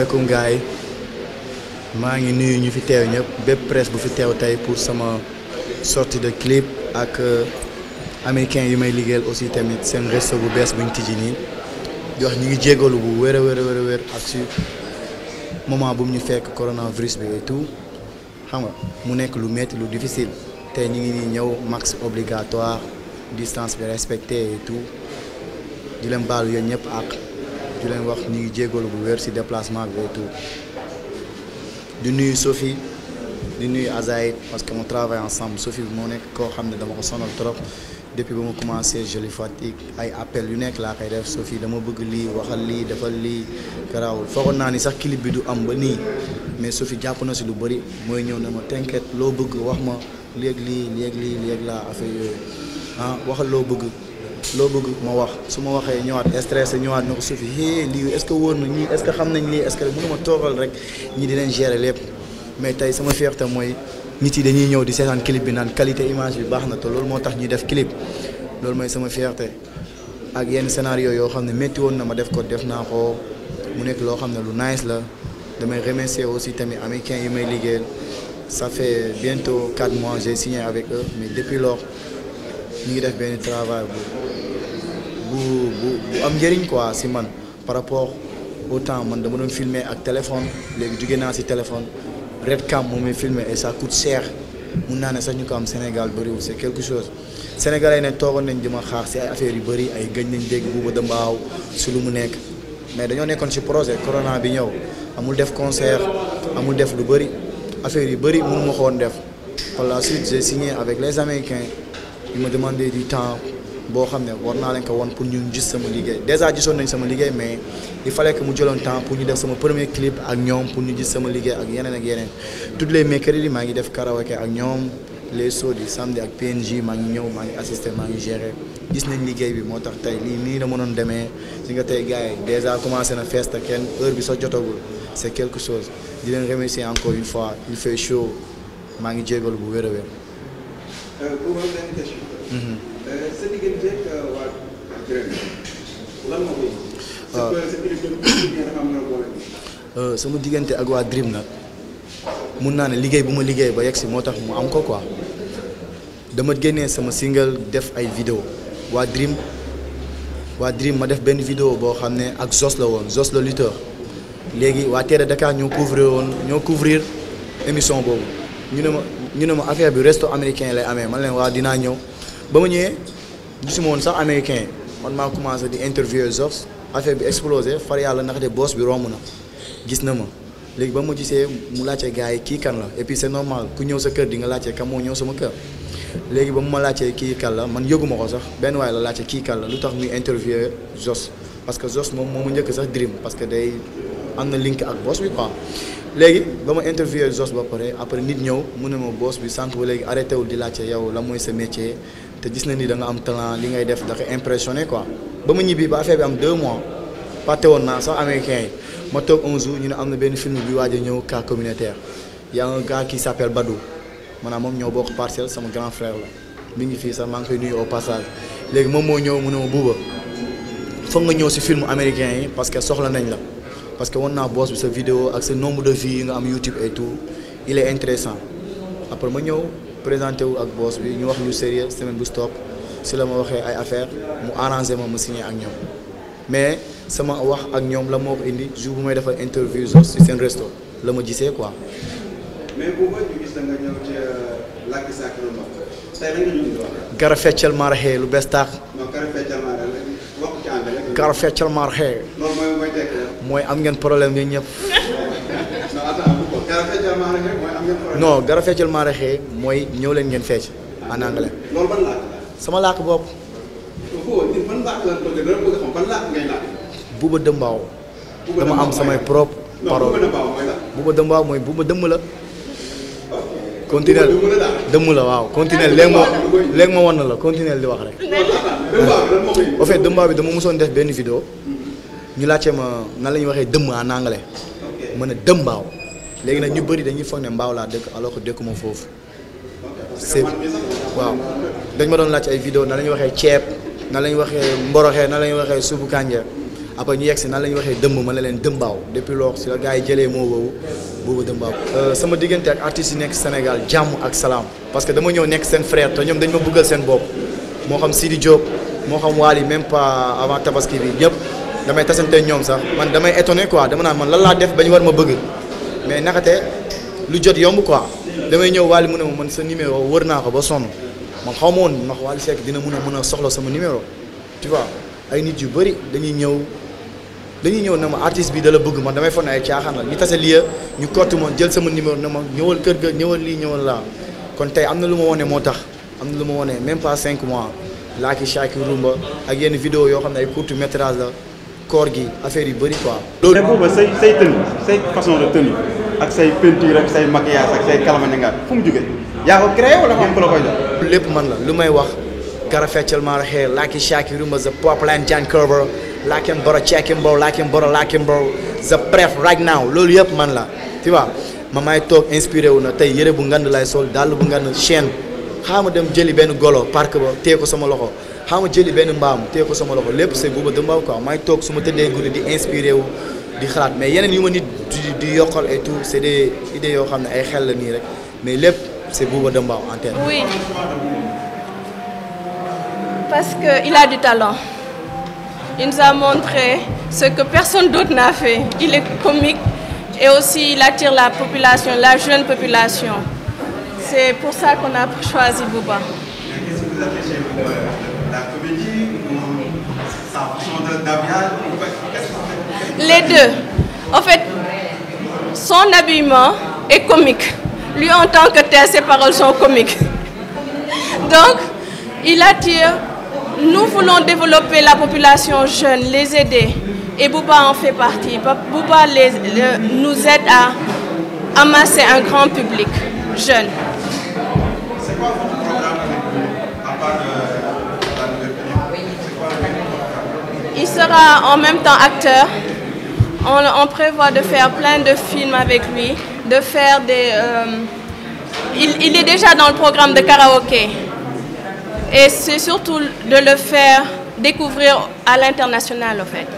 maaleykum gars yi maa ngi nuyu ñu fi teew ñëpp bépp presse bu fi teew tey pour sama sortie de clip ak euh, américain yi may liggéeyal aussi tamit seen resto bu bees buñ tijji nii jox wax ñu ngi jégalu bu wér a wér a wér a wér ak si moment bu ñu fekk coronavirus bi et tout xam nga mu nekk lu métti lu difficile te ñu ngi nii ñëw max obligatoire distance bi respecté et tout di leen baalu ñëpp ak di leen wax ñu ngi jégalu bu wér si déplacement bi et tout di nuyu Sophie di nuyu Azaïd parce que on travaille ensemble Sophie bi moo nekk koo xam ne dama ko sonal trop depuis ba ma commencé je lui fatigue ay appel yu nekk laa koy def Sophie dama bëgg lii waxal lii defal lii garaawul foogoon naa ni sax clip bi du am ba nii mais Sophie jàpp na si lu bëri mooy ñëw na ma t'inquiète loo bëgg wax ma léeg lii léeg lii léeg laa affaire yooyu ah waxal loo bëgg. loo bëgg ma wax su ma waxee ñëwaat stressé ñëwaat na ko suufi hé lii est ce que wóor na ñii est ce que xam nañ lii est ce que toogal rek ñi dinañ gérer lépp mais tey sama fierté mooy nit yi dañuy ñëw di seetaan clip bi naan qualité image bi baax na te loolu moo tax ñuy def clip loolu mooy sama fierté ak yenn scénario yoo xam ne métti woon na ma def ko def naa ko mu nekk loo xam ne lu nice la damay remercier aussi tamit ami américain yi may liggéeyal ça fait bientôt quatre mois j'ai signé avec mais depuis lors ñu ngi def benn travail bu bu bu am njëriñ quoi si man par rapport au temps man dama doon filmer ak téléphone léegi jugee naa si téléphone Redcam moom mooy filmer et ça coûte cher mun naa ne sax ñu ko am Sénégal bëriwul c'est quelque chose sénégalais ne toogoon nañ di ma xaar si ay affaires yu bëri ay gëj nañ dégg Bouba Dambaaw si lu mu nekk mais dañoo nekkoon si projet corona bi ñëw amul def concert amul def lu bëri affaire yu bëri mënu ma xoon def par la il m'a demandé du temps boo xam ne war naa leen ko woon pour ñun gis sama liggéey déjà gisoon nañ sama liggéey mais li fallait lekk mu jëloon temps pour ñu def sama premier clip ak ñoom pour ñu gis sama liggéey ak yeneen ak yeneen toutes les mercredis maa ngi def karaoke ak ñoom les shows du samedi ak PNJ maa ngi ñëw maa ngi assisté maa ngi géré gis nañ liggéey bi moo tax tey lii nii la mënoon demee si nga tey gars yi déjà commencé na fees te kenn heure bi sa jotagul c'est quelque chose di leen remercier encore une fois il fait chaud maa ngi jégalu bu wér a wér sama diggante ak waa Dream nag mun naa ne liggéey bu ma liggéey ba yegsi moo tax mu am ko quoi dama génnee sama single def ay vidéo waa Dream waa Dream ma def benn vidéo boo xam ne ak Zos la woon Zos la lutteur léegi waa Télé Dakar ñoo couvrir woon ñoo couvrir émission boobu ñu ne ma. ñu ne ma affaire bi resto américain lay amee man leen waaw dinaa ñëw ba ma ñëwee gisuma woon sax américain man maa commencé di interviewer Zox affaire bi explosé far yàlla naxate boos bi romb na gis na ma léegi ba ma gisee mu laajte gars yi kii kan la et puis c'est normal ku ñëw sa kër di nga laajte kan moo ñëw sama kër léegi ba mu ma laajtee kii kan la man yëguma ko sax benn waaye la laajte kii kan la lu tax muy interviewer Zox parce que Zox moom moo ma njëkk sax dream parce que am na link ak boss bi quoi léegi ba ma interviewé Zos ba pare après nit ñëw mu ne ma boss bi sant ba léegi arrêté wul di laajte yow la mooy sa te gis na ni da nga am talent li ngay def da nga ba ma ñibbi ba affaire bi am deux mois pàtte woon naa sax américain yi ma toog un ñu ne am na benn film bi waaj a ñëw cas communautaire y a un gars qui s'appelle maanaam moom ñoo bokk parcelle sama grand mi ngi fii sax maa ngi koy passage léegi moom moo ñëw mu ne ma buuba foog nga ñëw si film américain yi parce que soxla nañ la. parce que woon naa boss bi sa vidéo ak sa nombre de vues yi nga am YouTube et tout il est intéressant après ma ñëw présenté wu ak boos bi ñu wax lu sérieux semaine bu stop si la ma waxee ay affaire mu arrangé ma mu ak ñoom mais sama wax ak ñoom la moo ko indi jour bu may defal interview si seen resto la ma gisee quoi. mais boobu lu mag gara feccal maraxee lu bees taax. kar feccal maar mooy am ngeen problème yéen ñëpp non gara feccal maar mooy ñëw leen ngeen fecc en anglais sama làkk bopp buuba dëmbaaw dama am samay propre parole buuba dëmbaaw mooy buuba dëmb la continuel dëmm la waaw continuel léegi moo léegi moo wan na la continuel di wax rek. au fait dëmbaa bi dama mosoon def benn vidéo ñu laajte ma nan la ñuy waxee dëmm en anglais ma ne dëmbaaw léegi nag ñu bëri dañuy foog ne mbaaw laa dëkk alors que dëkkuma foofu c'est waaw dañ ma doon laaj ay vidéo nan la ñuy waxee ceeb nan la ñuy waxee mboroxee na la ñuy waxee suubu kànja après ñu yegg si nan la ñuy waxee dëmm ma ne leen dëmbaaw depuis loolu si la gars yi jëlee moo woowu boobu dëmbaabu euh, sama diggante ak artistes yi nekk Sénégal jàmm ak salaam parce que dama ñëw nekk seen frère te ñoom dañ ma bëggal seen bopp moo xam Sidi Diop moo xam Wally même pas avant tabaski bi yëpp damay tasante ñoom sax man damay étonné quoi dama naan man lan laa def ba ñu war ma bëgg mais naxate lu jot yomb quoi damay ñëw Wally mu ne ma man sa numéro wër naa ko ba sonn man xaw ma woon ndax Wally Seck dina mun a man a soxla sama numéro tu vois ay nit yu bëri dañuy ñëw na ma artiste bi da la bëgg man damay foog ne ay caaxaan la ñu tase lii ñu kott moom jël sama numéro na ma ñëwal kër ga ñëwal lii ñëwal laa kon tey am na lu ma wone moo tax am lu ma wone même pas cinq mois laaki Chaaki Rumba ak yenn vidéo yoo xam ne ay court métrage koor gi affaire yu bëri quoi. loolu booba say say tenue ak say peinture ak say maquillage ak say kalamanengaat lépp man la lu may wax gara feccal maa la xee laaki Chaaki Rumba the pop line laakin boro ceekin boro laakin boro laakin boro the right now loolu yëpp man la tu vois ma may toog inspiré wu na tey yëre bu ngand lay sol dàll bu ngand chaîne xaama dem jëli benn golo parc ba téye ko sama loxo xaama jëli benn mbaam téye ko sama loxo lépp c'est buuba dëmbaaw quoi may toog su ma tëddee guddi di inspiré wu di xalaat mais yeneen yu ma nit di yokkal et tout c'est des idées yoo xam ne ay xel la nii rek mais lépp c'est buuba dëmbaaw en terme. oui Il nous a montré ce que personne d'autre n'a fait. Il est comique et aussi il attire la population, la jeune population. C'est pour ça qu'on a choisi Bouba. quest euh, ou sa fonction de Damian Les deux. En fait, son habillement est comique. Lui en tant que ses paroles sont comiques. Donc, il attire Nous voulons développer la population jeune, les aider. Et Bouba en fait partie. Bouba les, le, nous aide à amasser un grand public jeune. Euh, il sera en même temps acteur. On, on, prévoit de faire plein de films avec lui, de faire des... Euh, il, est déjà dans le programme de karaoké. et c'est surtout de le faire découvrir à l'international en fait.